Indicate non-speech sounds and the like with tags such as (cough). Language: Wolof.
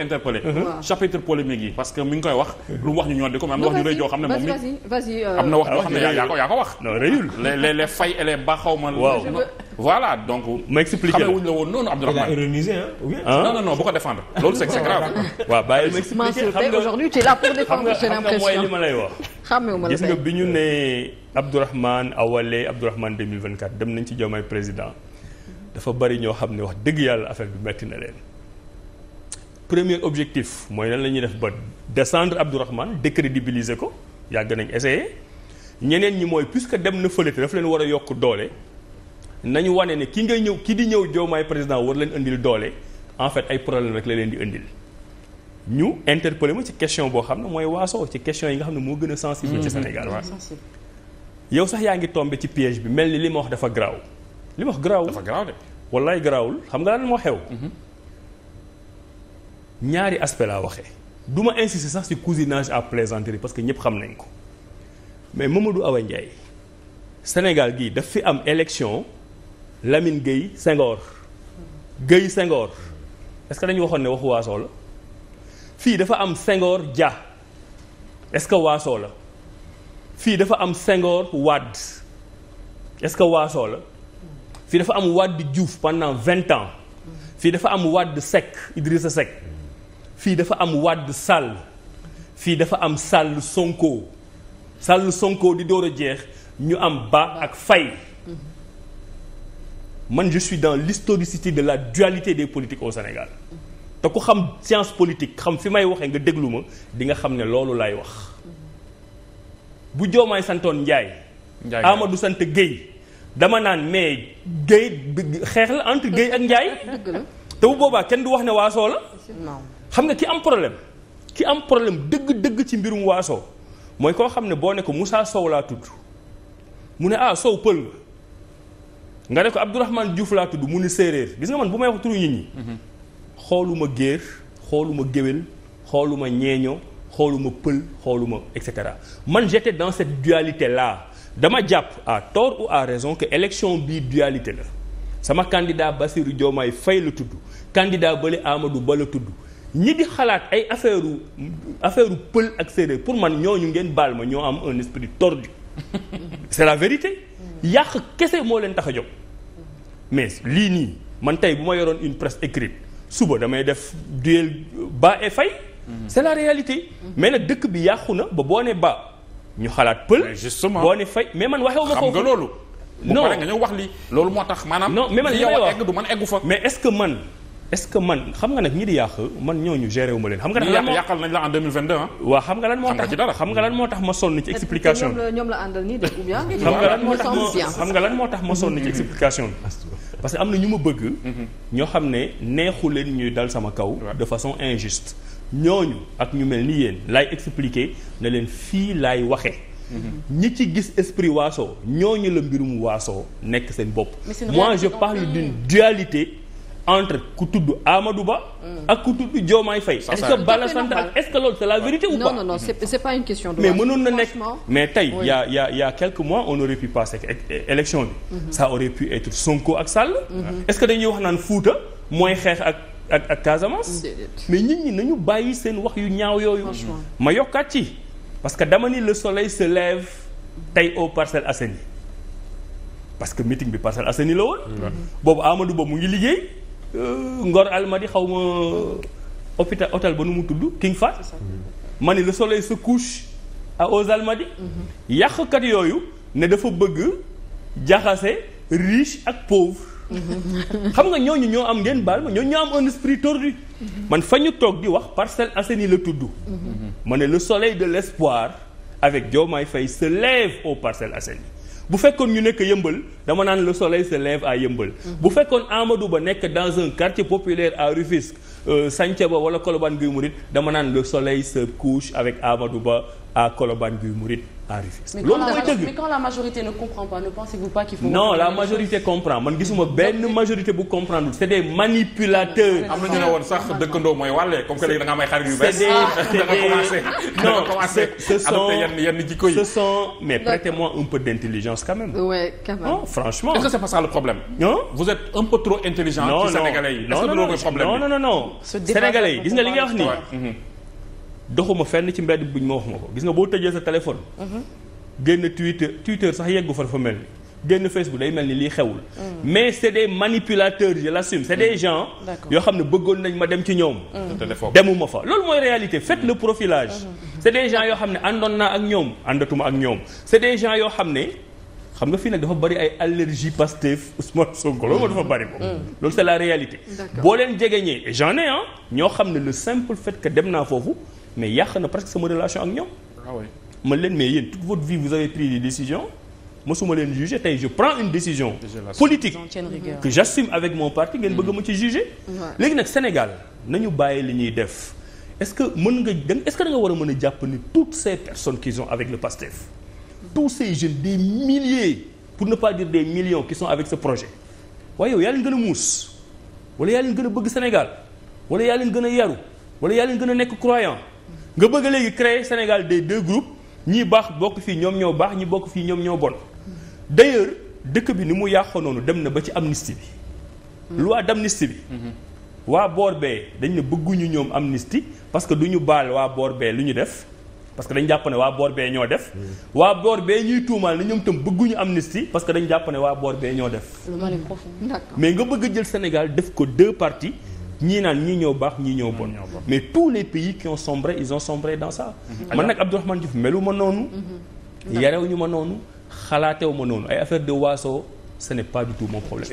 interpellé chapitre polémique yi parce que mi ngi koy wax lu mu wax ñu ñoo di ko mais am na wax ñu rëy joo xam ne moom mi euh, am na wax joo xam ne yaa ko wax non ma waaw xam ne wuñu ko défendre loolu c'est waaw bàyyi ma expliqué xam nga aujourd'hui tu xam nga mooy li ma lay wax xàmmewuma ne mmh. Abdourahmane Awale Abdourahmane 2024 dem nañ ci Diomaye président dafa bari ñoo xam ne wax dëgg yàlla affaire bi metti na leen premier objectif mooy lan la ñuy def ba descendre Abdourahmane décrédibiliser ko yàgg nañ essayer ñeneen ñi mooy puisque dem na fële te daf leen war a yokk doole nañu wane ne ki ngay ñëw ki di ñëw Diomaye président war leen indil doole en fait ay problème rek la leen di indil ñu interpellé ma ci question boo xam ne mooy waasoo ci question yi nga xam ne moo gën a sensible ci mm-hmm. Sénégal yow sax yaa ngi tombé ci piège bi mel ni li ma wax dafa garaaw li ma wax garaaw dafa garaaw de wallaay garaawul xam nga lan moo xew mm-hmm. ñaari aspect laa waxee du ma insister sax ci cousinage à plaisanterie parce que ñëpp xam nañ ko mais Mamadou awe Ndiaye Sénégal gii daf fi am élection Lamine Gueye sengoor Gueye sengoor est que dañu waxoon ne waxu waasoo la fii dafa am sengoor Dia est-ce que waasoo la fii dafa am Senghor Wade est-ce que waasoo la fii dafa am Wade Diouf pendant vingt ans fii dafa am Wade Seck Idrissa Seck fii dafa am Wade Sall fii dafa am Sall Sonko Sall Sonko di door a jeex ñu am Ba ak fay man je suis dans l'historicité de la dualité des politiques au Sénégal te ku xam science politique xam fi may waxee nga déglu ma di nga xam ne loolu laay wax bu joomaay santoon Ndiaye Amadou sant Guèye dama naan mais Guèye xeex la entre Guèye ak Ndiaye te bu boobaa kenn du wax ne waasoo la xam nga ki am problème ki am problème dëgg-dëgg ci mbirum waasoo mooy koo xam ne boo ne ko Moussa Sow laa tudd mu ne ah Sow pël nga ne ko Abdourahmane Diouf laa tudd mu ne séeréer gis nga man bu may wax turu nit ñi. Mhm. xooluma géer xooluma géwél xooluma ñeeño xooluma pël xooluma et cetera man j'étais dans cette dualité laa dama jàpp à tort ou à raison que élection bii dualité la sama candidat Bassirou Diomaye fay la tudd candidat bële Amadou Ba la tudd. ñi di xalaat ay affaire affaire pël ak séeréer pour man ñu ngeen baal ma ñoo am un esprit tordu (laughs) c'est la vérité yàq kese moo leen tax a jóg mais lii nii man tey bu ma yoroon une presse écrite suba damay def duel ba et fay mhm. c'est la réalité mais dëkk bi yàqu na ba boo ne ba ñu xalaat pël boo ne fay mais man waxewu ma foofu xam nga loolu nga ñëw wax li loolu moo tax maanaam non mais man li may egg du man eggu fa mais est que man est-ce que man xam nga nag ñi di yàq man ñooñu géré wu ma leen. xam nga lan moo yàqal nañ la en 2022 ah. waaw xam nga lan moo tax xam nga lan moo tax ma sonn ci explication xam nga lan moo tax ma xam nga lan sonn ci mm-hmm. explication parce que am na ñu ma bëgg. Mm-hmm. ñoo xam ne neexu leen ñuy dal sama kaw. de façon injuste. ñooñu ak ñu mel ni yéen laay expliquer na leen fii laay waxee. Mm-hmm. ñi ci gis esprit waasoo ñooñu la mbirum waasoo nekk seen bopp. mois je parle d'une dualité. entre ku tudd Amadou Ba. ak ku tudd Diomaye Faye. est-ce que sant ak est-ce que loolu c'est la vérité ou mais mënoon na nekk mais tey y a y a y a quelques mois on aurait pu passer élection bi. Mhm. ça aurait pu Sonko ak Sall. Mhm. est-ce que dañuy wax naan Fouta mooy xeex ak ak ak Casamance. mais nit ñi nañu bàyyi seen wax yu ñaaw yooyu. ma yokkaat ci parce que dama ni le soleil se lève tey au Parcelles Assainies parce que meeting bi Parcelles Assainies la woon. Mhm. boobu Amadou Ba mu ngi liggéey. Euh, Ngor Almadi xaw ma hôpital hôtel ba nu mu tudd King Fahd mm-hmm. ma ni la soleil sa couche au aux Almadi mm-hmm. yàqkat yooyu ne dafa bëgg jaxase riche ak pauvre mm-hmm. xam nga ñooñu ñoo am ngeen baal ma ñooñu ñoo am un esprit tordu man fa ñu toog di wax Parcelles Assainies la tudd ma ne le soleil de l'espoir avec Diomaye fay se lève aux Parcelles Assainies bu fekkoon ñu nekk yëmbal dama naan le soleil se lève à yëmbal mm. bu fekkoon Amadou Ba nekk dans un quartier populaire à Rufisque euh, Santhiaba wala Colobane Guy Mouride dama naan le soleil se couche avec Amadou Ba à Colobane Guy murit à Rufisque. loolu mooy la majorité ne comprend pas ne pensez-vous pas qu'il faut. non la majorité comprend man gisuma benn majorité bu comprendre c'est des manipulateurs. am na ñu ne woon sax dëkkandoo mooy wàlle comme que léegi da c'est des ah, da nga commencé da nga commencé adopté yenn yenn jikko yi. ce sont mais prêtez non vous êtes un peu trop intelligent. non non non non non non non non non non non doxuma fenn ci mbedd buñ ma wax ma ko gis nga boo tëjee sa téléphone. Mhm. génn Twitter Twitter sax yeggu fa fa mel ni génn Facebook day mel ni lii xewul. Mhm. mais c' est des manipulateurs je l' assume c' est des mhm. yoo xam ne bëggoon nañ ma dem ci ñoom. demuma fa loolu mooy réalité faites le profilage. c' est des gens yoo xam ne àndoon naa ak ñoom àndatuma ak ñoom c' est des gens yoo xam ne. xam nga fii nag dafa bari ay allergie Pastef Ousmane Sonko loolu moo dafa bari ko loolu c' la réalité. boo leen jegeñee et j' ñoo xam ne le simple fait que dem naa foofu. mais yàq na presque sama relation ak ñoom. waaw ah man leen mais yéen toute votre vie vous avez pris des décisions mosuma leen juger tey je prends une décision. politique que j'assume avec mon parti ngeen bëgg ma ci juger. léegi nag Sénégal nañu bàyyi li ñuy def est-ce que man nga est-ce que da war a mën a jàpp ni toutes ces personnes qui sont avec le PASTEF. tous ces jeunes des milliers pour ne pas dire des millions qui sont avec ce projet waaye yow yaa leen gën a muus wala yaa gën a bëgg Sénégal wala yaa leen gën a yaru wala yaa gën nekk croyant. nga bëgg léegi créer Sénégal de deux groupes ñii baax bokk fii ñoom ñoo baax ñi bokk fii ñoom ñoo bon d'ailleurs dëkk bi ni mu yàqoo noonu dem na ba ci amnistie bi loi d'amnistie bi mm-hmm. waa boor bee dañ ne bëgguñu ñoom amnistie parce que du ñu baal waa boor bee lu ñu def parce que dañ jàpp ne waa boor bee ñoo def mm-hmm. waa boor bee ñuy tuumaal ne ñoom tam bëgguñu amnistie parce que dañ jàpp waa boor bee ñoo def mais nga bëgg jël Sénégal def ko deux parties ñii naan ñii ñoo baax ñii ñoo bon mais tous les pays qui ont sombré ils ont sombré dans ça mhm. man nag Abdourahmane Diouf melu ma noonu mhm. yarewuñu ma noonu wu ma noonu ay affaire de waaso ce n'est pas du tout mon problème